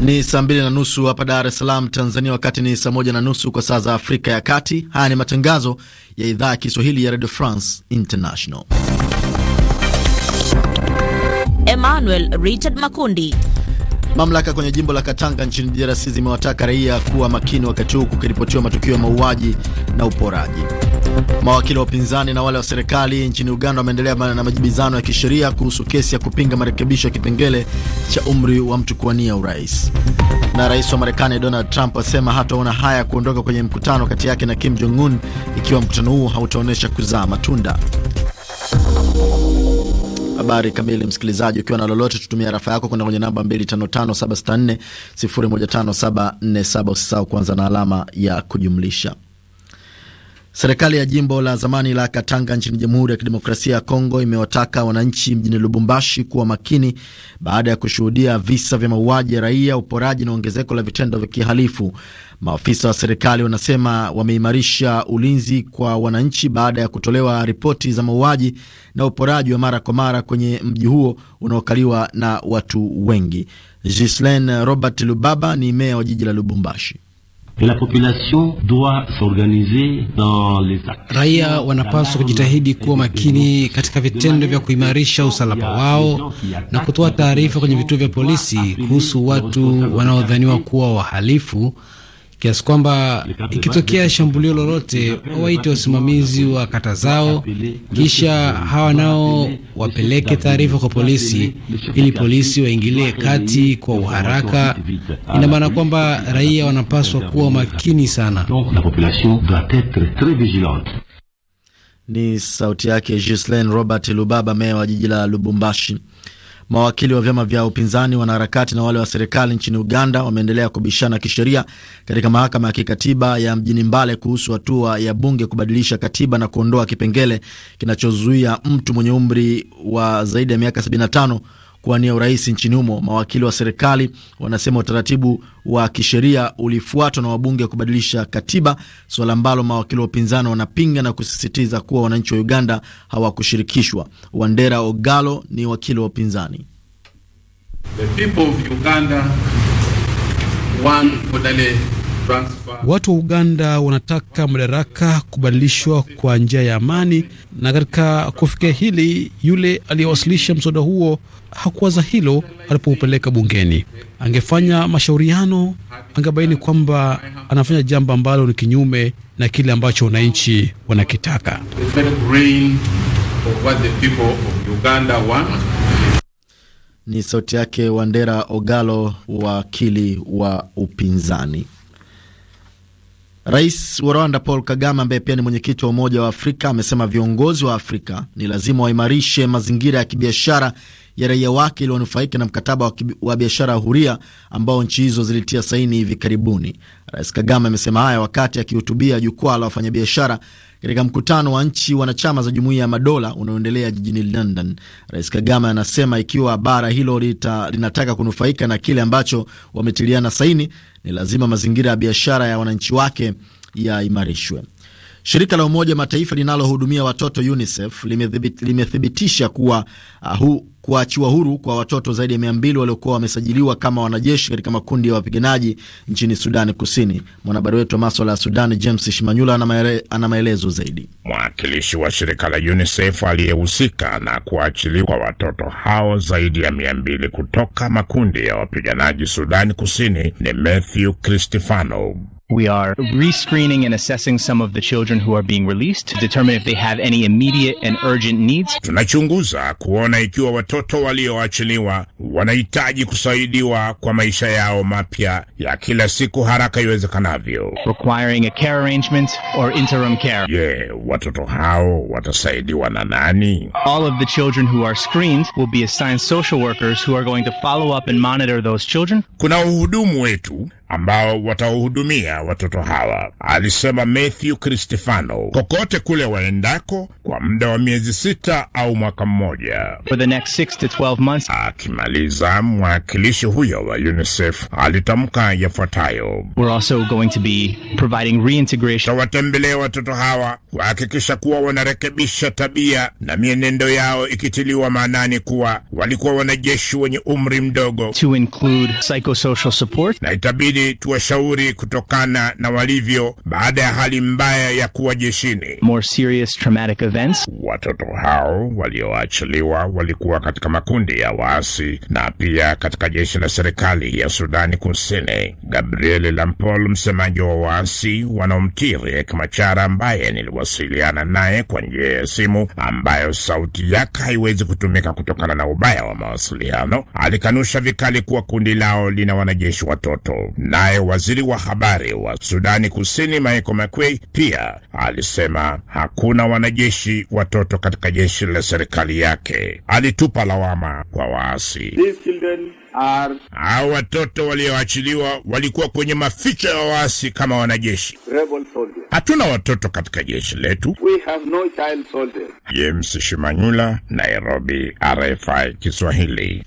Ni saa mbili na nusu hapa Dar es Salaam, Tanzania, wakati ni saa moja na nusu kwa saa za Afrika ya Kati. Haya ni matangazo ya idhaa ya Kiswahili ya Radio France International. Emmanuel Richard Makundi. Mamlaka kwenye jimbo la Katanga nchini DRC zimewataka raia kuwa makini wakati huu kukiripotiwa matukio ya mauaji na uporaji. Mawakili wa upinzani na wale wa serikali nchini Uganda wameendelea na majibizano ya kisheria kuhusu kesi ya kupinga marekebisho ya kipengele cha umri wa mtu kuwania urais. Na rais wa Marekani Donald Trump asema hataona haya kuondoka kwenye mkutano kati yake na Kim Jong Un ikiwa mkutano huo hautaonyesha kuzaa matunda. Habari kamili, msikilizaji, ukiwa na lolote, tutumia rafa yako kwenda kwenye namba 255764015747. Usisahau kuanza na alama ya kujumlisha. Serikali ya jimbo la zamani la Katanga nchini Jamhuri ya Kidemokrasia ya Kongo imewataka wananchi mjini Lubumbashi kuwa makini baada ya kushuhudia visa vya mauaji ya raia, uporaji na ongezeko la vitendo vya kihalifu. Maafisa wa serikali wanasema wameimarisha ulinzi kwa wananchi baada ya kutolewa ripoti za mauaji na uporaji wa mara kwa mara kwenye mji huo unaokaliwa na watu wengi. Ghislaine Robert Lubaba ni meya wa jiji la Lubumbashi. La population doit s'organiser dans les actes. Raia wanapaswa kujitahidi kuwa makini katika vitendo vya kuimarisha usalama wao na kutoa taarifa kwenye vituo vya polisi kuhusu watu wanaodhaniwa kuwa wahalifu kiasi kwamba ikitokea shambulio lolote waite wasimamizi wa kata zao, kisha hawa nao wapeleke taarifa kwa polisi ili polisi waingilie kati kwa uharaka. Ina maana kwamba raia wanapaswa kuwa makini sana. Ni sauti yake Ghislaine Robert Lubaba, meya wa jiji la Lubumbashi. Mawakili wa vyama vya upinzani, wanaharakati na wale wa serikali nchini Uganda wameendelea kubishana kisheria katika mahakama ya kikatiba ya mjini Mbale kuhusu hatua ya bunge kubadilisha katiba na kuondoa kipengele kinachozuia mtu mwenye umri wa zaidi ya miaka 75 kuwania urais nchini humo. Mawakili wa serikali wanasema utaratibu wa kisheria ulifuatwa na wabunge kubadilisha katiba, suala ambalo mawakili wa upinzani wanapinga na kusisitiza kuwa wananchi wa Uganda hawakushirikishwa. Wandera Ogalo ni wakili wa upinzani. Watu wa Uganda wanataka madaraka kubadilishwa kwa njia ya amani, na katika kufikia hili, yule aliyewasilisha mswada huo hakuwaza hilo alipoupeleka bungeni. Angefanya mashauriano, angebaini kwamba anafanya jambo ambalo ni kinyume na kile ambacho wananchi wanakitaka. Ni sauti yake Wandera Ogalo, wakili wa upinzani. Rais wa Rwanda Paul Kagame, ambaye pia ni mwenyekiti wa Umoja wa Afrika, amesema viongozi wa Afrika ni lazima waimarishe mazingira ya kibiashara ya raia wake iliwanufaika na mkataba wa biashara ya huria ambao nchi hizo zilitia saini hivi karibuni. Rais Kagame amesema haya wakati akihutubia jukwaa la wafanyabiashara katika mkutano wa nchi wanachama za Jumuiya ya Madola unaoendelea jijini London. Rais Kagame anasema ikiwa bara hilo lita, linataka kunufaika na kile ambacho wametiliana saini, ni lazima mazingira ya biashara ya wananchi wake yaimarishwe. Shirika la Umoja Mataifa linalohudumia watoto UNICEF limethibitisha kuwa uh, hu, kuachiwa huru kwa watoto zaidi ya mia mbili waliokuwa wamesajiliwa kama wanajeshi katika makundi ya wapiganaji nchini Sudani Kusini. Mwanahabari wetu wa maswala ya Sudani James Shimanyula ana maelezo zaidi. Mwakilishi wa shirika la UNICEF aliyehusika na kuachiliwa watoto hao zaidi ya mia mbili kutoka makundi ya wapiganaji Sudani Kusini ni Matthew Cristifano. We are rescreening and assessing some of the children who are being released to determine if they have any immediate and urgent needs. Tunachunguza kuona ikiwa watoto walioachiliwa wanahitaji kusaidiwa kwa maisha yao mapya ya kila siku haraka iwezekanavyo. Requiring a care arrangement or interim care. Je, watoto hao watasaidiwa na nani? All of the children who are screened will be assigned social workers who are going to follow up and monitor those children. Kuna uhudumu wetu ambao watawahudumia watoto hawa, alisema Matthew Cristefano, kokote kule waendako kwa muda wa miezi sita au mwaka mmoja. Akimaliza, mwakilishi huyo wa UNICEF alitamka yafuatayo: tawatembelea watoto hawa kuhakikisha kuwa wanarekebisha tabia na mienendo yao, ikitiliwa maanani kuwa walikuwa wanajeshi wenye umri mdogo, to include psychosocial support, na itabidi ili tuwashauri kutokana na walivyo baada ya hali mbaya ya kuwa jeshini. More serious traumatic events. Watoto hao walioachiliwa walikuwa katika makundi ya waasi na pia katika jeshi la serikali ya Sudani Kusini. Gabriel Lampol, msemaji wa waasi wanaomtii Riek Machar, ambaye niliwasiliana naye kwa njia ya simu ambayo sauti yake haiwezi kutumika kutokana na ubaya wa mawasiliano, alikanusha vikali kuwa kundi lao lina wanajeshi watoto. Naye waziri wa habari wa Sudani Kusini Michael Makuei pia alisema hakuna wanajeshi watoto katika jeshi la serikali yake. Alitupa lawama kwa waasi Are... watoto walioachiliwa walikuwa kwenye maficho ya waasi kama wanajeshi. Hatuna watoto katika jeshi letu. No James Shimanyula, Nairobi, RFI Kiswahili.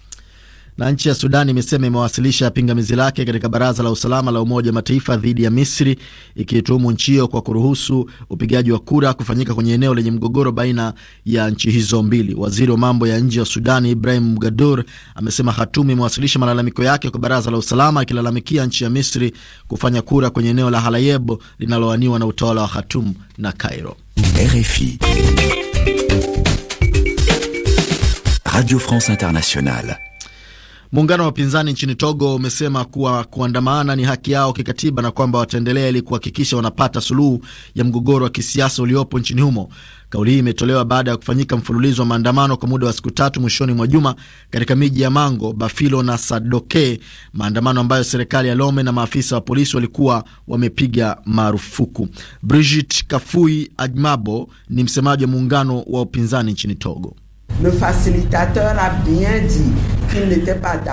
Na nchi ya Sudan imesema imewasilisha pingamizi lake katika baraza la usalama la Umoja wa Mataifa dhidi ya Misri, ikitumu nchi hiyo kwa kuruhusu upigaji wa kura kufanyika kwenye eneo lenye mgogoro baina ya nchi hizo mbili. Waziri wa mambo ya nje wa Sudan Ibrahim Mgadur amesema hatum imewasilisha malalamiko yake kwa baraza la usalama, akilalamikia nchi ya Misri kufanya kura kwenye eneo la Halayebo linalowaniwa na utawala wa Hatum na Cairo. RFI Radio France Internationale Muungano wa upinzani nchini Togo umesema kuwa kuandamana ni haki yao kikatiba na kwamba wataendelea ili kuhakikisha wanapata suluhu ya mgogoro wa kisiasa uliopo nchini humo. Kauli hii imetolewa baada ya kufanyika mfululizo wa maandamano kwa muda wa siku tatu mwishoni mwa juma katika miji ya Mango, Bafilo na Sadoke, maandamano ambayo serikali ya Lome na maafisa wa polisi walikuwa wamepiga marufuku. Brigit Kafui Ajmabo ni msemaji wa muungano wa upinzani nchini Togo.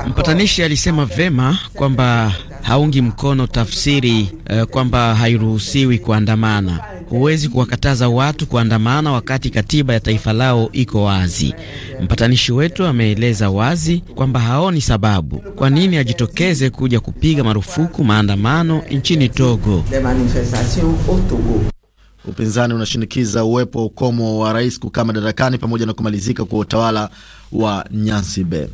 Mpatanishi alisema vema kwamba haungi mkono tafsiri uh, kwamba hairuhusiwi kuandamana. Huwezi kuwakataza watu kuandamana wakati katiba ya taifa lao iko wazi. Mpatanishi wetu ameeleza wazi kwamba haoni sababu kwa nini ajitokeze kuja kupiga marufuku maandamano nchini Togo. Upinzani unashinikiza uwepo wa ukomo wa rais kukaa madarakani pamoja na kumalizika kwa utawala wa Nyansibe.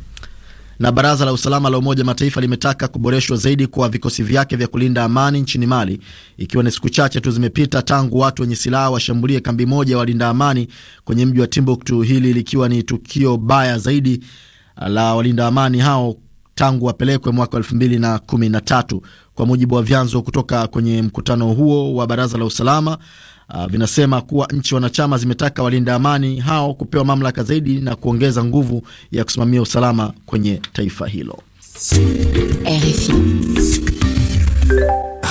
Na baraza la usalama la Umoja Mataifa limetaka kuboreshwa zaidi kwa vikosi vyake vya kulinda amani nchini Mali, ikiwa ni siku chache tu zimepita tangu watu wenye silaha washambulie kambi moja ya walinda amani kwenye mji wa Timbuktu, hili likiwa ni tukio baya zaidi la walinda amani hao tangu wapelekwe mwaka tatu kwa mujibu wa vyanzo kutoka kwenye mkutano huo wa baraza la usalama uh, vinasema kuwa nchi wanachama zimetaka walinda amani hao kupewa mamlaka zaidi na kuongeza nguvu ya kusimamia usalama kwenye taifa hilo. RFI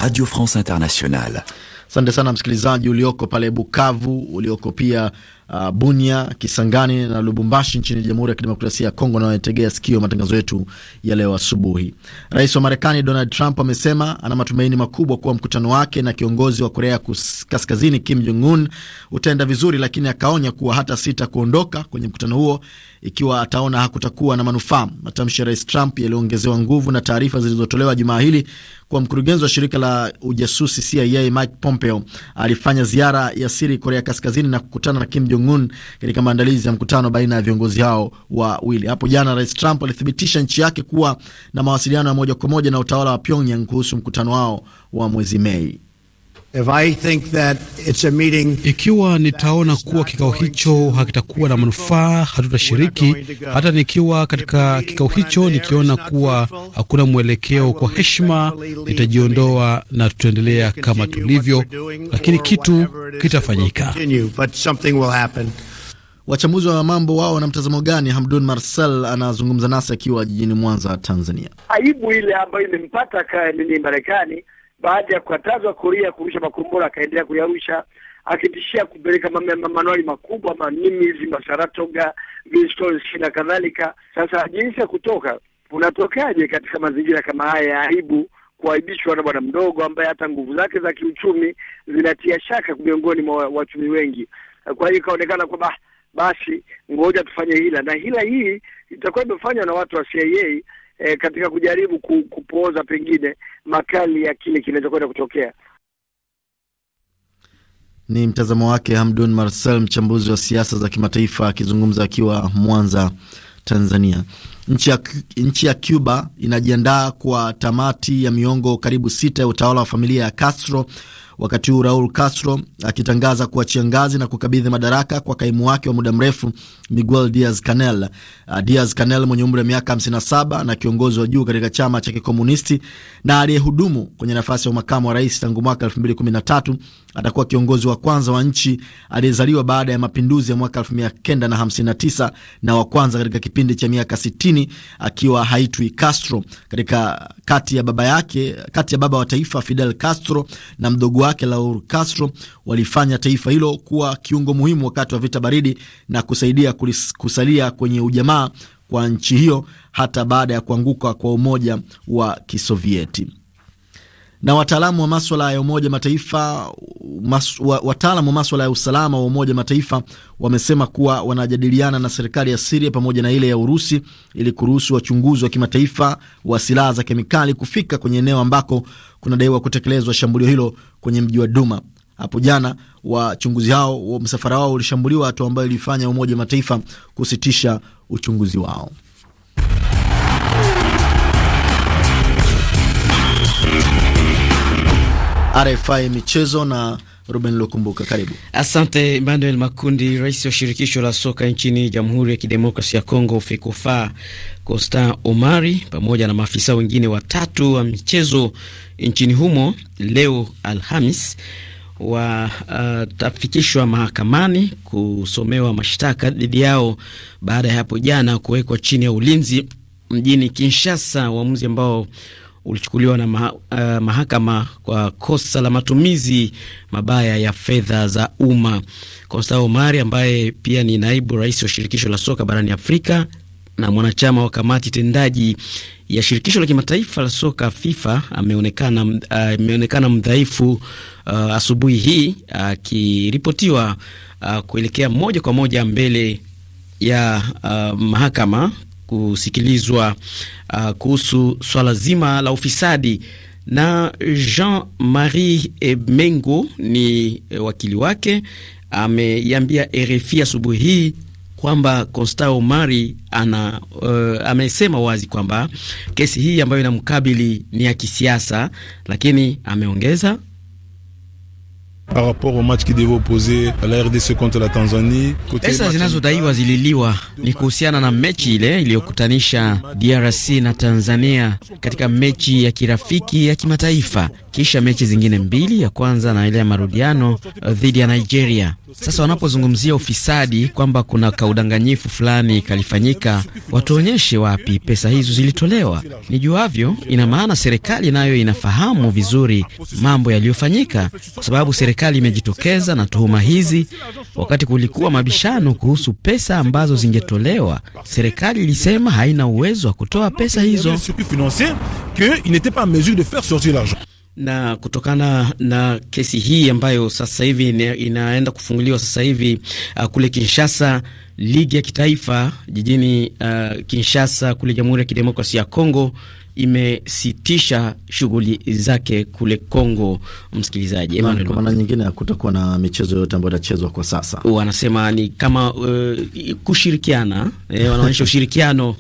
Radio France Internationale. Asante sana msikilizaji ulioko pale Bukavu, ulioko pia uh, Bunia, Kisangani na Lubumbashi nchini Jamhuri ya Kidemokrasia ya Kongo na wanategea sikio matangazo yetu ya leo asubuhi. Rais wa Marekani Donald Trump amesema ana matumaini makubwa kuwa mkutano wake na kiongozi wa Korea Kaskazini Kim Jong Un utaenda vizuri, lakini akaonya kuwa hata sita kuondoka kwenye mkutano huo ikiwa ataona hakutakuwa na manufaa. Matamshi ya Rais Trump yaliongezewa nguvu na taarifa zilizotolewa Jumaa hili kwa mkurugenzi wa shirika la ujasusi CIA Mike Pompeo alifanya ziara ya siri Korea Kaskazini na kukutana na Kim Jong Un katika maandalizi ya mkutano baina ya viongozi hao wawili. Hapo jana, Rais Trump alithibitisha nchi yake kuwa na mawasiliano ya moja kwa moja na utawala wa Pyongyang kuhusu mkutano wao wa mwezi Mei. If I think that it's a meeting, ikiwa nitaona kuwa kikao hicho hakitakuwa na manufaa, hatutashiriki. Hata nikiwa katika kikao hicho nikiona kuwa hakuna mwelekeo, kwa heshima nitajiondoa na tutaendelea kama tulivyo, lakini kitu kitafanyika. Wachambuzi wa mambo wao wana mtazamo gani? Hamdun Marcel anazungumza nasi akiwa jijini Mwanza, Tanzania. Aibu ile ambayo imempata nini Marekani baada ya kukatazwa Korea kurusha makombora akaendelea kuyarusha akitishia kupeleka manuali makubwa manimizi, masaratoga, Vistols na kadhalika. Sasa jinsi ya kutoka, unatokaje katika mazingira kama haya ya aibu, kuaibishwa na bwana mdogo ambaye hata nguvu zake za kiuchumi zinatia shaka miongoni mwa wachumi wengi? Kwa hiyo ikaonekana kwamba ah, basi ngoja tufanye hila, na hila hii itakuwa imefanywa na watu wa CIA e, katika kujaribu ku, kupooza pengine makali ya kile kinachokwenda kutokea. Ni mtazamo wake Hamdun Marcel, mchambuzi wa siasa za kimataifa akizungumza akiwa Mwanza, Tanzania. Nchi ya, nchi ya Cuba inajiandaa kwa tamati ya miongo karibu sita ya utawala wa familia ya Castro wakati huu Raul Castro akitangaza kuachia ngazi na kukabidhi madaraka kwa kaimu wake wa muda mrefu Miguel Diaz Canel. Ah, Diaz Canel mwenye umri wa miaka 57 na kiongozi wa juu katika chama cha kikomunisti na aliyehudumu kwenye nafasi ya makamu wa rais tangu mwaka 2013 atakuwa kiongozi wa kwanza wa nchi aliyezaliwa baada ya mapinduzi ya mwaka 1959 na, na wa kwanza katika kipindi cha miaka 60 akiwa haitwi Castro katika kati ya baba yake, kati ya baba wa taifa Fidel Castro na mdogo wake Raul Castro walifanya taifa hilo kuwa kiungo muhimu wakati wa vita baridi na kusaidia kulis, kusalia kwenye ujamaa kwa nchi hiyo hata baada ya kuanguka kwa Umoja wa Kisovieti na wataalamu wa maswala ya Umoja Mataifa mas, wataalamu wa maswala ya usalama wa Umoja Mataifa wamesema kuwa wanajadiliana na serikali ya Siria pamoja na ile ya Urusi ili kuruhusu wachunguzi wa kimataifa wa silaha za kemikali kufika kwenye eneo ambako kunadaiwa kutekelezwa shambulio hilo kwenye mji wa Duma. Hapo jana wachunguzi hao wa msafara wao ulishambuliwa, hatua ambayo ilifanya Umoja Mataifa kusitisha uchunguzi wao. RFI michezo na Ruben Lukumbuka, karibu. Asante Emmanuel Makundi. Rais wa shirikisho la soka nchini Jamhuri ya kidemokrasi ya Kongo FEKOFA, Constant Omari, pamoja na maafisa wengine watatu wa michezo nchini humo leo Alhamis watafikishwa uh, mahakamani kusomewa mashtaka dhidi yao baada ya hapo jana kuwekwa chini ya ulinzi mjini Kinshasa, uamuzi ambao ulichukuliwa na maha, uh, mahakama kwa kosa la matumizi mabaya ya fedha za umma. Costa Omari ambaye pia ni naibu rais wa shirikisho la soka barani Afrika na mwanachama wa kamati tendaji ya shirikisho la kimataifa la soka FIFA ameonekana eh, ameonekana uh, mdhaifu uh, asubuhi hii akiripotiwa uh, uh, kuelekea moja kwa moja mbele ya uh, mahakama kusikilizwa uh, kuhusu swala zima la ufisadi na Jean-Marie Mengo ni eh, wakili wake ameiambia RFI asubuhi hii kwamba konsta Omari ana uh, amesema wazi kwamba kesi hii ambayo inamkabili ni ya kisiasa, lakini ameongeza Par rapport au match qui devait opposer la RDC contre la Tanzania. Pesa zinazodaiwa zililiwa ni kuhusiana na mechi ile iliyokutanisha DRC na Tanzania katika mechi ya kirafiki ya kimataifa, kisha mechi zingine mbili, ya kwanza na ile ya marudiano dhidi ya Nigeria. Sasa wanapozungumzia ufisadi kwamba kuna kaudanganyifu fulani kalifanyika, watuonyeshe wapi pesa hizo zilitolewa. Nijuavyo, ina maana serikali nayo inafahamu vizuri mambo yaliyofanyika, kwa sababu serikali imejitokeza na tuhuma hizi wakati kulikuwa mabishano kuhusu pesa ambazo zingetolewa. Serikali ilisema haina uwezo wa kutoa pesa hizo. Na kutokana na kesi hii ambayo sasa hivi inaenda kufunguliwa sasa hivi uh, kule Kinshasa, ligi ya kitaifa jijini uh, Kinshasa kule Jamhuri ya Kidemokrasia ya Kongo imesitisha shughuli zake kule Kongo. Msikilizaji, kwa maana nyingine hakutakuwa na michezo yote ambayo itachezwa kwa sasa. Wanasema ni kama uh, kushirikiana eh, wanaonyesha ushirikiano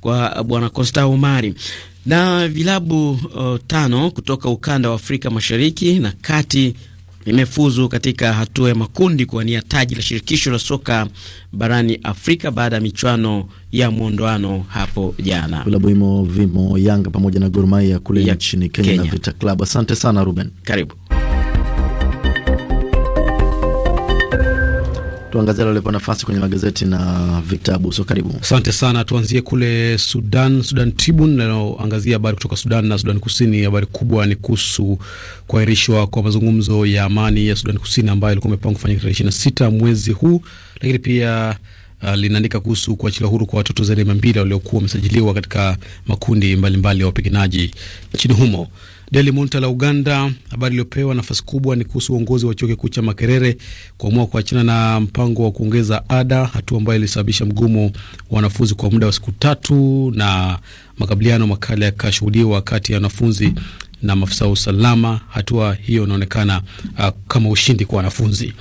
kwa bwana Costa Omari na vilabu uh, tano kutoka ukanda wa Afrika Mashariki na Kati limefuzu katika hatua ya makundi kuwania taji la shirikisho la soka barani Afrika baada ya michuano ya mwondoano hapo jana. Vilabu hivyo vimo Yanga pamoja na Gor Mahia kule nchini Kenya, Kenya na Vita Club. Asante sana Ruben, karibu. tuangazie lolopo nafasi kwenye magazeti na vitabu. So karibu. Asante sana, tuanzie kule Sudan. Sudan Tribune linaoangazia habari kutoka Sudan na Sudan Kusini. Habari kubwa ni kuhusu kuahirishwa kwa mazungumzo ya amani ya Sudan Kusini ambayo ilikuwa imepangwa kufanyika tarehe ishirini na sita mwezi huu, lakini pia Uh, linaandika kuhusu kuachiliwa huru kwa watoto zaidi ya mia mbili waliokuwa wamesajiliwa katika makundi mbalimbali ya mbali wapiganaji nchini humo. Daily Monitor la Uganda, habari iliyopewa nafasi kubwa ni kuhusu uongozi wa chuo kikuu cha Makerere kuamua kuachana na mpango wa kuongeza ada, hatua ambayo ilisababisha mgomo wa wanafunzi kwa muda wa siku tatu, na makabiliano makali yakashuhudiwa kati ya wanafunzi na maafisa wa usalama. Hatua hiyo inaonekana uh, kama ushindi kwa wanafunzi.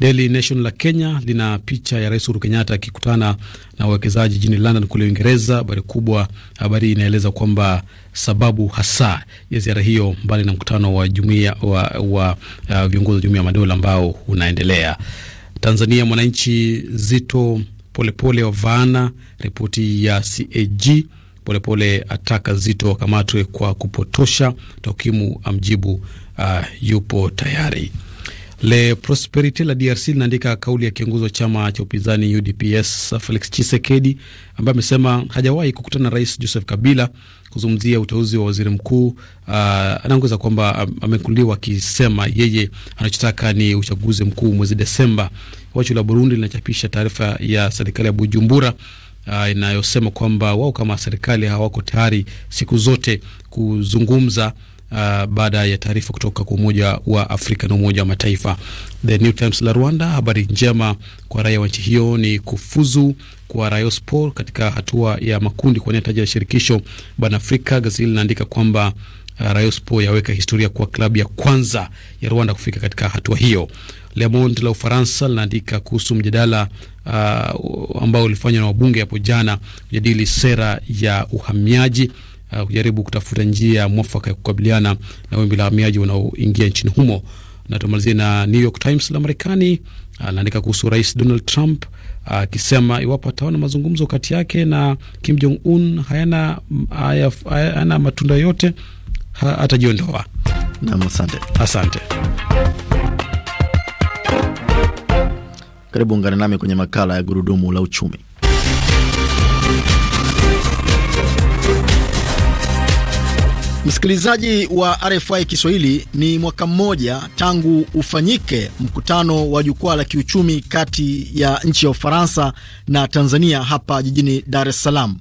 Daily Nation la Kenya lina picha ya Rais Uhuru Kenyatta akikutana na wawekezaji jijini London kule Uingereza. Habari kubwa, habari inaeleza kwamba sababu hasa ya ziara hiyo, mbali na mkutano wa jumuiya wa, wa uh, viongozi wa Jumuiya ya Madola ambao unaendelea Tanzania. Mwananchi Zito Polepole wavaana ripoti ya CAG. Polepole ataka Zito wakamatwe kwa kupotosha takwimu, amjibu uh, yupo tayari Le Prosperite la DRC linaandika kauli ya kiongozi wa chama cha upinzani UDPS Felix Chisekedi, ambaye amesema hajawahi kukutana na Rais Joseph Kabila kuzungumzia uteuzi wa waziri mkuu. Uh, anaongeza kwamba amekuliwa akisema yeye anachotaka ni uchaguzi mkuu mwezi Desemba. Wacho la Burundi linachapisha taarifa ya serikali ya Bujumbura Uh, inayosema kwamba wao kama serikali hawako tayari siku zote kuzungumza uh, baada ya taarifa kutoka kwa Umoja wa Afrika na Umoja wa Mataifa. The New Times la Rwanda, habari njema kwa raia wa nchi hiyo ni kufuzu kwa Rayospor katika hatua ya makundi kwa taji la shirikisho barani Afrika. Gazeti linaandika kwamba uh, Rayospor yaweka historia kwa klabu ya kwanza ya Rwanda kufika katika hatua hiyo. Le Monde la Ufaransa linaandika kuhusu mjadala uh, ambao ulifanywa na wabunge hapo jana kujadili sera ya uhamiaji uh, kujaribu kutafuta njia ya mwafaka ya kukabiliana na wimbi la wahamiaji wanaoingia nchini humo. Na tumalizie na New York Times la Marekani anaandika uh, kuhusu Rais Donald Trump uh, akisema uh, iwapo ataona mazungumzo kati yake na Kim Jong Un hayana, hayana, hayana matunda yote atajiondoa. Nam, asante, asante. Karibu ungane nami kwenye makala ya gurudumu la uchumi. Msikilizaji wa RFI Kiswahili, ni mwaka mmoja tangu ufanyike mkutano wa jukwaa la kiuchumi kati ya nchi ya Ufaransa na Tanzania hapa jijini Dar es Salaam.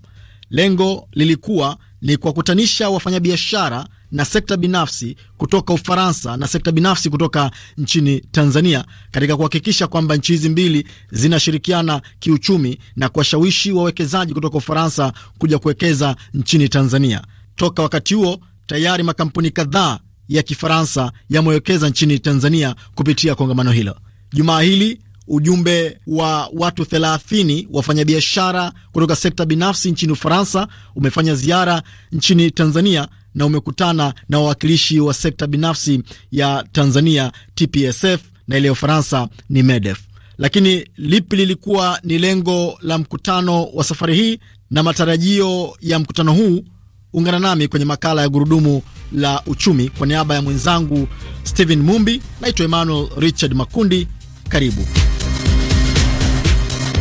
Lengo lilikuwa ni kuwakutanisha wafanyabiashara na sekta binafsi kutoka Ufaransa na sekta binafsi kutoka nchini Tanzania katika kuhakikisha kwamba nchi hizi mbili zinashirikiana kiuchumi na kuwashawishi wawekezaji kutoka Ufaransa kuja kuwekeza nchini Tanzania. Toka wakati huo tayari makampuni kadhaa ya Kifaransa yamewekeza nchini Tanzania kupitia kongamano hilo. Jumaa hili ujumbe wa watu 30 wafanyabiashara kutoka sekta binafsi nchini Ufaransa umefanya ziara nchini Tanzania na umekutana na wawakilishi wa sekta binafsi ya Tanzania TPSF na ile ya Ufaransa ni MEDEF. Lakini lipi lilikuwa ni lengo la mkutano wa safari hii na matarajio ya mkutano huu ungana nami kwenye makala ya gurudumu la uchumi. Kwa niaba ya mwenzangu Stephen Mumbi, naitwa Emmanuel Richard Makundi. Karibu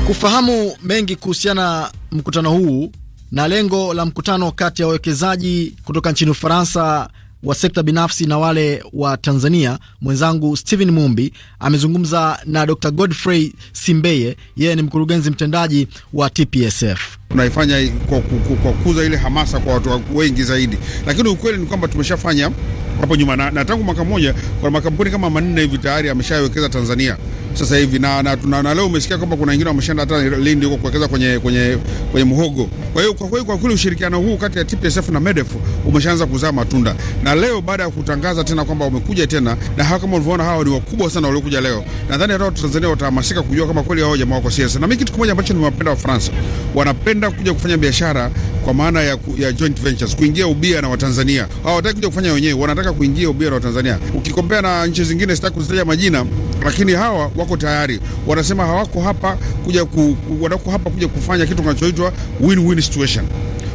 kufahamu mengi kuhusiana mkutano huu na lengo la mkutano kati ya wawekezaji kutoka nchini Ufaransa wa sekta binafsi na wale wa Tanzania, mwenzangu Steven Mumbi amezungumza na Dr. Godfrey Simbeye, yeye ni mkurugenzi mtendaji wa TPSF. Tunaifanya kwa kukuza ile hamasa kwa watu wengi zaidi, lakini ukweli ni kwamba tumeshafanya hapo nyuma na, na tangu mwaka mmoja kuna makampuni kama manne hivi tayari ameshawekeza Tanzania sasa hivi na, na, na, na leo umesikia kwamba kuna wengine wameshaenda hata Lindi huko kuwekeza kwenye, kwenye, kwenye muhogo. Kwa hiyo kwa kweli kwa kweli ushirikiano huu kati ya TPSF na MEDEF umeshaanza kuzaa matunda, na leo baada ya kutangaza tena kwamba wamekuja tena, na hawa kama ulivyoona, hawa ni wakubwa sana waliokuja leo, nadhani hata Watanzania watahamasika kujua kama kweli hao jamaa wako siasa. Na mimi kitu kimoja ambacho nimewapenda wa Wafaransa, wanapenda kuja kufanya biashara kwa maana ya, ya joint ventures, kuingia ubia na Watanzania. Hawataki kuja kufanya wenyewe, wanataka kuingia ubia na Watanzania. Ukikompea na nchi zingine, sitaki kuzitaja majina lakini hawa wako tayari, wanasema hawako hapa kuja ku, wanako hapa kuja kufanya kitu kinachoitwa win-win situation.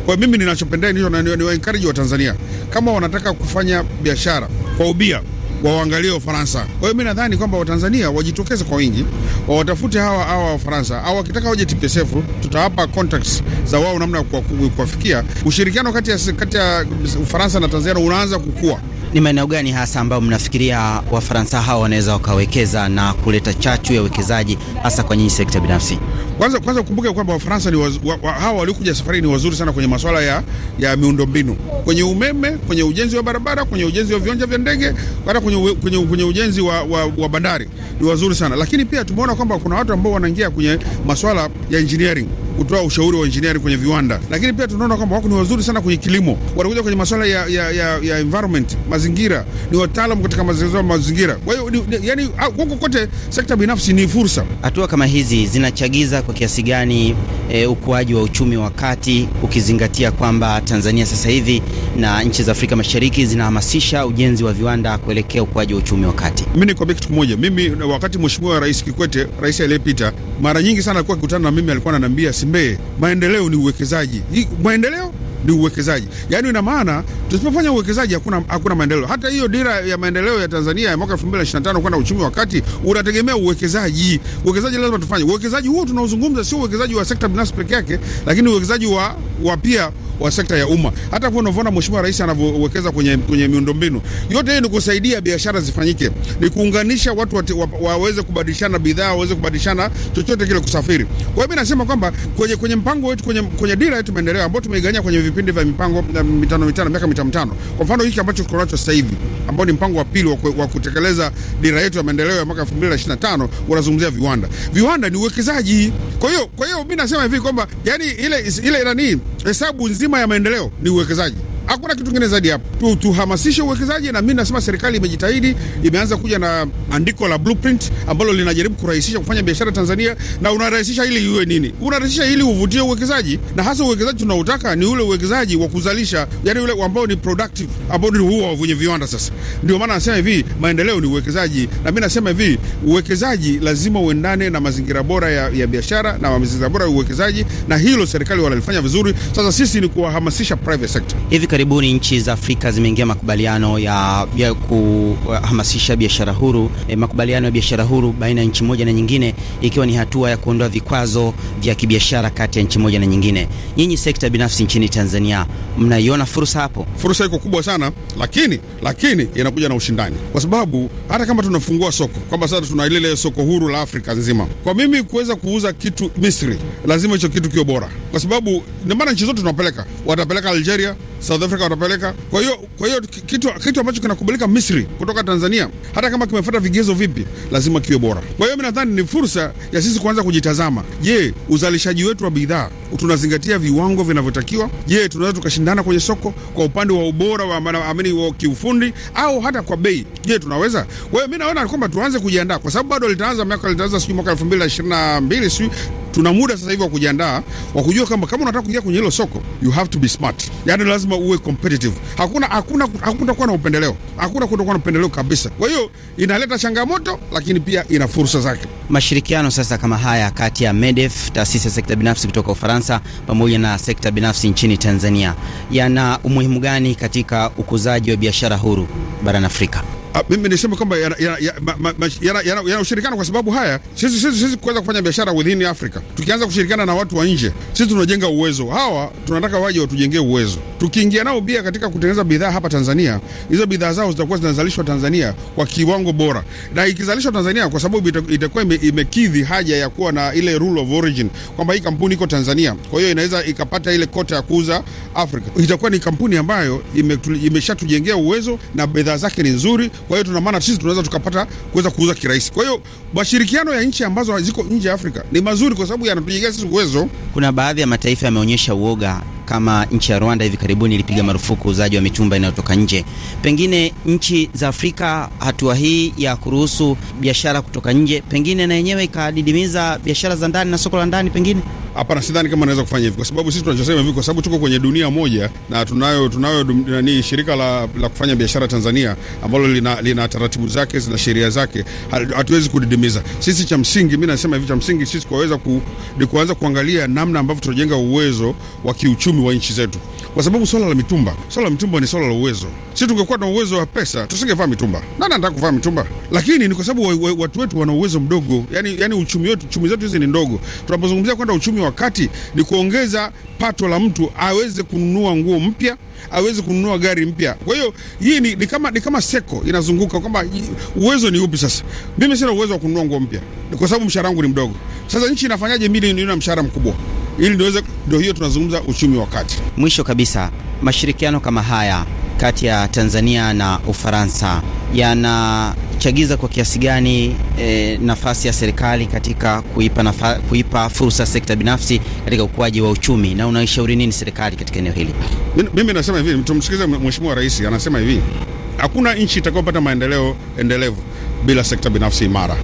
Kwa mimi ninachopendea nicho na ni encourage wa Tanzania kama wanataka kufanya biashara kwa ubia waangalie Ufaransa. Kwa hiyo mimi nadhani kwamba Watanzania wajitokeze kwa wingi, wawatafute hawa hawa Ufaransa au wakitaka waje TPSF, tutawapa contacts za wao namna ya kuwafikia. Ushirikiano kati ya kati ya Ufaransa na Tanzania unaanza kukua. Ni maeneo gani hasa ambayo mnafikiria Wafaransa hawa wanaweza wakawekeza na kuleta chachu ya uwekezaji hasa kwenye hii sekta binafsi? Kwanza kwanza ukumbuke kwamba Wafaransa ni waz, wa, wa, hawa waliokuja safari ni wazuri sana kwenye masuala ya, ya miundombinu, kwenye umeme, kwenye ujenzi wa barabara, kwenye ujenzi wa viwanja vya ndege, hata kwenye, kwenye, kwenye ujenzi wa, wa, wa bandari ni wazuri sana, lakini pia tumeona kwamba kuna watu ambao wanaingia kwenye masuala ya engineering kutoa ushauri wa engineering kwenye viwanda, lakini pia tunaona kwamba wako ni wazuri sana kwenye kilimo, wanakuja kwenye masuala ya, ya, ya, ya environment, mazingira, ni wataalam katika mazingira mazingira. Kwa hiyo yani huko kote sekta binafsi ni fursa. Hatua kama hizi zinachagiza kwa kiasi gani e, ukuaji wa uchumi wa kati, ukizingatia kwamba Tanzania sasa hivi na nchi za Afrika Mashariki zinahamasisha ujenzi wa viwanda kuelekea ukuaji wa uchumi wa kati. Mimi nikwambia kitu kimoja, mimi wakati mheshimiwa Rais Kikwete, rais aliyepita, mara nyingi sana alikuwa akikutana na mimi, alikuwa ananiambia Mheshimiwa maendeleo ni uwekezaji. Maendeleo ni uwekezaji. Yaani ina maana tusipofanya uwekezaji hakuna hakuna maendeleo. Hata hiyo dira ya maendeleo ya Tanzania ya mwaka 2025 kwenda uchumi wa kati unategemea uwekezaji. Uwekezaji lazima tufanye. Uwekezaji huo tunaozungumza sio uwekezaji wa sekta binafsi peke yake, lakini uwekezaji wa, wa pia wa sekta ya umma. Hata kwa unavyoona Mheshimiwa Rais anavyowekeza kwenye, kwenye miundombinu yote, hiyo ni kusaidia biashara zifanyike, ni kuunganisha watu wa, waweze kubadilishana bidhaa, waweze kubadilishana chochote kile, kusafiri. Kwa hiyo mimi nasema kwamba kwenye, kwenye mpango wetu kwenye, kwenye dira yetu maendeleo ambayo tumeiganya kwenye vipindi vya mipango mitano mitano, miaka mitano mitano. Kwa mfano hiki ambacho tuko nacho sasa hivi ambao ni mpango wa pili wa kutekeleza dira yetu ya maendeleo ya mwaka 2025 unazungumzia viwanda. Viwanda ni uwekezaji. Kwa hiyo kwa hiyo mimi nasema hivi kwamba yani ile ile nani hesabu nzima ya maendeleo ni uwekezaji hakuna kitu kingine zaidi hapo tu, tuhamasishe uwekezaji, na mimi nasema serikali imejitahidi, imeanza kuja na andiko la blueprint ambalo linajaribu kurahisisha kufanya biashara Tanzania, na unarahisisha ili iwe nini? Unarahisisha ili uvutie uwekezaji, na hasa uwekezaji tunaotaka ni ule uwekezaji wa kuzalisha, yani ule ambao ni productive, ambao ni huo wenye viwanda. Sasa ndio maana nasema hivi, maendeleo ni uwekezaji, na mimi nasema hivi, uwekezaji lazima uendane na mazingira bora ya, ya biashara na mazingira bora ya uwekezaji, na hilo serikali wanalifanya vizuri. Sasa sisi ni kuwahamasisha private sector hivi karibuni nchi za Afrika zimeingia makubaliano ya, ya kuhamasisha biashara huru e, makubaliano ya biashara huru baina ya nchi moja na nyingine, ikiwa ni hatua ya kuondoa vikwazo vya kibiashara kati ya nchi moja na nyingine. Nyinyi sekta binafsi nchini Tanzania mnaiona fursa hapo? Fursa iko kubwa sana, lakini lakini inakuja na ushindani, kwa sababu hata kama tunafungua soko kwamba sasa tuna lile soko huru la Afrika nzima, kwa mimi kuweza kuuza kitu Misri lazima hicho kitu kiwe bora, kwa sababu ndio maana nchi zote tunapeleka, watapeleka Algeria South Africa watapeleka. Kwa hiyo kwa hiyo kitu, kitu ambacho kinakubalika Misri kutoka Tanzania, hata kama kimefuata vigezo vipi, lazima kiwe bora. Kwa hiyo mimi nadhani ni fursa ya sisi kuanza kujitazama. Je, uzalishaji wetu wa bidhaa tunazingatia viwango vinavyotakiwa? Je, tunaweza tukashindana kwenye soko kwa upande wa ubora wa amini wa kiufundi au hata kwa bei? Je, tunaweza? Kwa hiyo mimi naona kwamba tuanze kujiandaa, kwa sababu bado litaanza miaka litaanza sijui mwaka 2022 sijui tuna muda sasa hivi wa kujiandaa wa kujua kama kama unataka kuingia kwenye hilo soko you have to be smart, yaani lazima lazima uwe competitive. Hakuna hakuna hakutakuwa na upendeleo, hakuna kutokuwa na upendeleo kabisa. Kwa hiyo inaleta changamoto, lakini pia ina fursa zake. Mashirikiano sasa kama haya kati ya MEDEF, taasisi ya sekta binafsi kutoka Ufaransa, pamoja na sekta binafsi nchini Tanzania yana umuhimu gani katika ukuzaji wa biashara huru barani Afrika? Ah, mimi niseme kwamba yana ushirikiano kwa sababu haya sisi sisi kuweza kufanya biashara within Africa, tukianza kushirikiana na watu wa nje, sisi tunajenga uwezo. Hawa tunataka waje watujengee uwezo. Tukiingia nao pia katika kutengeneza bidhaa hapa Tanzania, hizo bidhaa zao zitakuwa zinazalishwa Tanzania kwa kiwango bora, na ikizalishwa Tanzania kwa sababu itakuwa imekidhi haja ya kuwa na ile rule of origin, kwamba hii kampuni iko Tanzania, kwa hiyo inaweza ikapata ile kota ya kuuza Africa. Itakuwa ni kampuni ambayo imeshatujengea uwezo na bidhaa zake ni nzuri kwa hiyo tuna maana sisi tunaweza tukapata kuweza kuuza kirahisi. Kwa hiyo mashirikiano ya nchi ambazo ziko nje ya Afrika ni mazuri, kwa sababu yanatujengea sisi uwezo. Kuna baadhi ya mataifa yameonyesha uoga kama nchi ya Rwanda hivi karibuni ilipiga marufuku uuzaji wa mitumba inayotoka nje. Pengine nchi za Afrika, hatua hii ya kuruhusu biashara kutoka nje, pengine na yenyewe ikadidimiza biashara za ndani na soko la ndani, pengine Hapana, sidhani kama anaweza kufanya hivi, kwa sababu sisi tunachosema hivi, kwa sababu tuko kwenye dunia moja na tunayo tunayo nani, shirika la, la kufanya biashara Tanzania ambalo lina, lina taratibu zake zina sheria zake, hatuwezi kudidimiza sisi. Cha msingi mimi nasema hivi, cha msingi sisi kuweza ku, kuanza kuangalia namna ambavyo tunajenga uwezo wa kiuchumi wa nchi zetu kwa sababu swala la mitumba, swala la mitumba ni swala la uwezo. Sisi tungekuwa na uwezo wa pesa tusingevaa mitumba. Nani anataka kuvaa mitumba? Lakini ni kwa sababu wa, wa, watu wetu wana uwezo mdogo, yani, yani uchumi wetu, uchumi zetu hizi ni ndogo. Tunapozungumzia kwenda uchumi wa kati, ni kuongeza pato la mtu aweze kununua nguo mpya aweze kununua gari mpya. Kwa hiyo hii ni, ni, kama, ni kama seko inazunguka kwamba uwezo ni upi sasa. Mimi sina uwezo wa kununua nguo mpya kwa sababu mshahara wangu ni mdogo. Sasa nchi inafanyaje mimi niwe na mshahara mkubwa? ili niweze, ndio hiyo tunazungumza uchumi wa kati. Mwisho kabisa, mashirikiano kama haya kati ya Tanzania na Ufaransa yanachagiza kwa kiasi gani e, nafasi ya serikali katika kuipa, nafa, kuipa fursa sekta binafsi katika ukuaji wa uchumi, na unaishauri nini serikali katika eneo hili? Mimi nasema hivi, tumsikilize Mheshimiwa Rais anasema hivi, hakuna nchi itakayopata maendeleo endelevu bila sekta binafsi imara.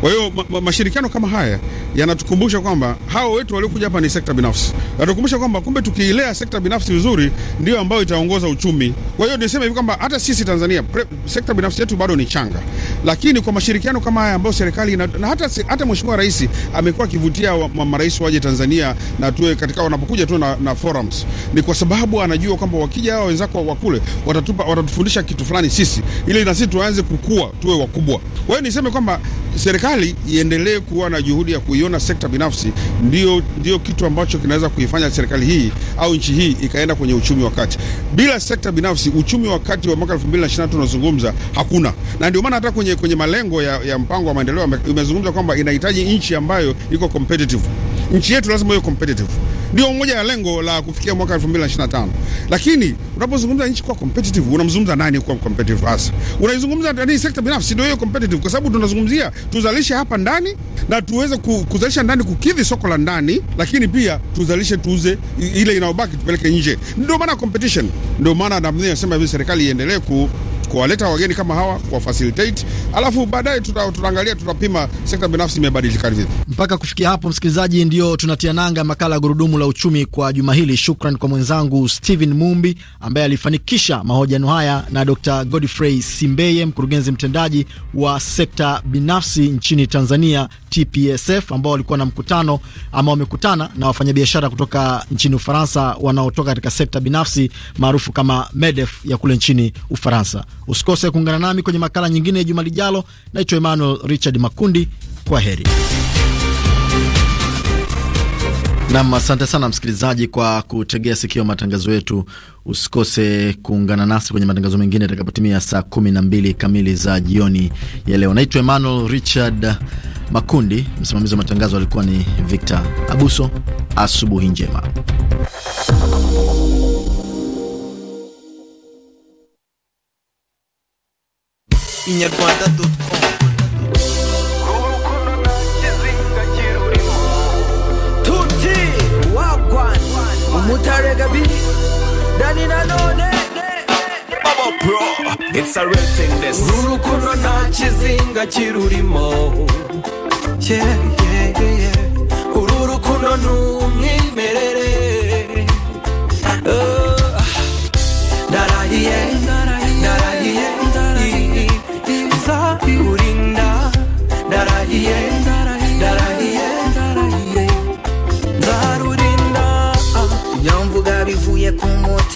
Kwa hiyo ma mashirikiano kama haya yanatukumbusha kwamba hao wetu waliokuja hapa ni sekta binafsi, yanatukumbusha kwamba kumbe tukiilea sekta binafsi vizuri ndio ambayo itaongoza uchumi. Kwa hiyo niseme hivi kwamba hata sisi Tanzania sekta binafsi yetu bado ni changa, lakini kwa mashirikiano kama haya ambayo serikali na, na hata, hata Mheshimiwa Rais amekuwa akivutia wa, marais waje Tanzania na tuwe katika wanapokuja tu na, na forums, ni kwa sababu anajua kwamba wakija hao wenzako wa kule watatupa watatufundisha kitu fulani sisi, ili na sisi tuanze kukua tuwe wakubwa. Kwa hiyo niseme kwamba serikali iendelee kuwa na juhudi ya kuiona sekta binafsi ndio, ndio kitu ambacho kinaweza kuifanya serikali hii au nchi hii ikaenda kwenye uchumi wa kati. Bila sekta binafsi, uchumi wa kati wa mwaka 2023 tunazungumza hakuna, na ndio maana hata kwenye, kwenye malengo ya, ya mpango wa maendeleo imezungumza kwamba inahitaji nchi ambayo iko competitive. Nchi yetu lazima iwe competitive ndio moja ya lengo la kufikia mwaka 2025. Lakini unapozungumza nchi kwa competitive, unamzungumza nani kwa competitive hasa? Unaizungumza nani? Sekta binafsi ndio hiyo competitive, kwa sababu tunazungumzia tuzalishe hapa ndani na tuweze kuzalisha ndani kukidhi soko la ndani, lakini pia tuzalishe tuuze ile inayobaki tupeleke nje. Ndio maana competition, ndio maana nasema hivi serikali iendelee ku kuwaleta wageni kama hawa kwa facilitate, alafu baadaye tutaangalia, tutapima sekta binafsi imebadilika vipi. Mpaka kufikia hapo, msikilizaji, ndio tunatia nanga makala ya gurudumu la uchumi kwa juma hili. Shukran kwa mwenzangu Steven Mumbi ambaye alifanikisha mahojiano haya na Dr. Godfrey Simbeye, mkurugenzi mtendaji wa sekta binafsi nchini Tanzania TPSF ambao walikuwa na mkutano ama wamekutana na wafanyabiashara kutoka nchini Ufaransa wanaotoka katika sekta binafsi maarufu kama MEDEF ya kule nchini Ufaransa. Usikose kuungana nami kwenye makala nyingine juma lijalo. Naitwa Emmanuel Richard Makundi, kwa heri. Nam, asante sana msikilizaji kwa kutegea sikio matangazo yetu. Usikose kuungana nasi kwenye matangazo mengine itakapotimia saa kumi na mbili kamili za jioni ya leo. Naitwa Emmanuel Richard Makundi, msimamizi wa matangazo alikuwa ni Victor Abuso. Asubuhi njema. Inyarwanda.com than in a no Pro. It's a real thing this urukundo nta kizinga kirurimo yeah, yeah, yeah. Ururu rukundo nungi.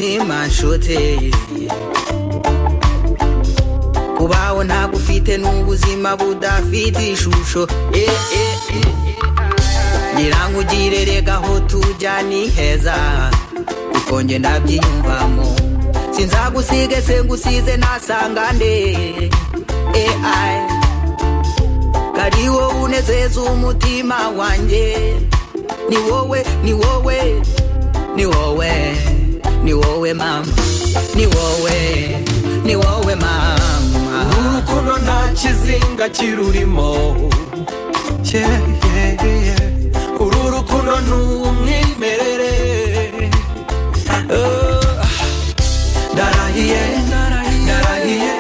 umutima nshuti kubaho ntabwo ufite n'ubuzima budafite ishusho eh, eh, eh, ngira ngo ugire rega aho tujya ni heza kuko njye ndabyiyumvamo sinzagusige se ngusize nasanga nde ai kari wowe unezeza umutima wanjye ni wowe ni wowe ni wowe ni wowe mama ni wowe ni wowe mama urukundo nta kizinga kirurimo uru rukundo ni umwimerere oh, ndarahiye ndarahiye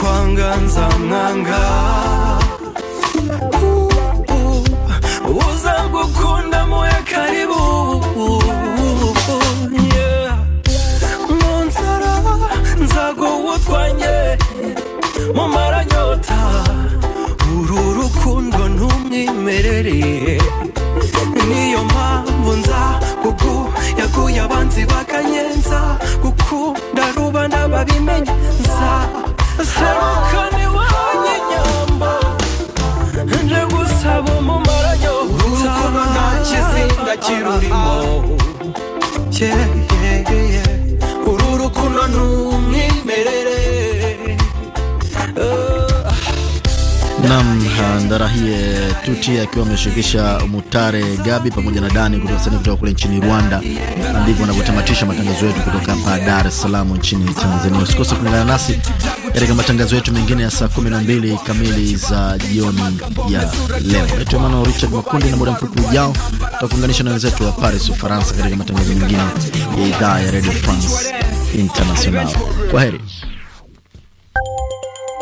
kwanga mu maranyota uru rukundo ntumwimerere niyo mpamvu nza kuko yaguye abanzi bakanyenza gukunda rubanda babimenya nza serukane iwanyu nyamba nje gusaba mu maranyota urukundo nta kizinga kirurimo uru rukundo ntuwe Nam Ndarahie Tuti akiwa ameshirikisha Mutare Gabi pamoja na Dani kutoka sehemu kutoka kule nchini Rwanda. Ndivyo anavyotamatisha matangazo yetu kutoka hapa Dar es Salaam nchini Tanzania. Usikose kuungana nasi katika matangazo yetu mengine ya saa kumi na mbili kamili za jioni ya leo. Naitwa Emanuel Richard Makundi, na muda mfupi ujao tutakuunganisha na wenzetu wa Paris, Ufaransa, katika matangazo mengine ya idhaa ya Radio France International. Kwa heri.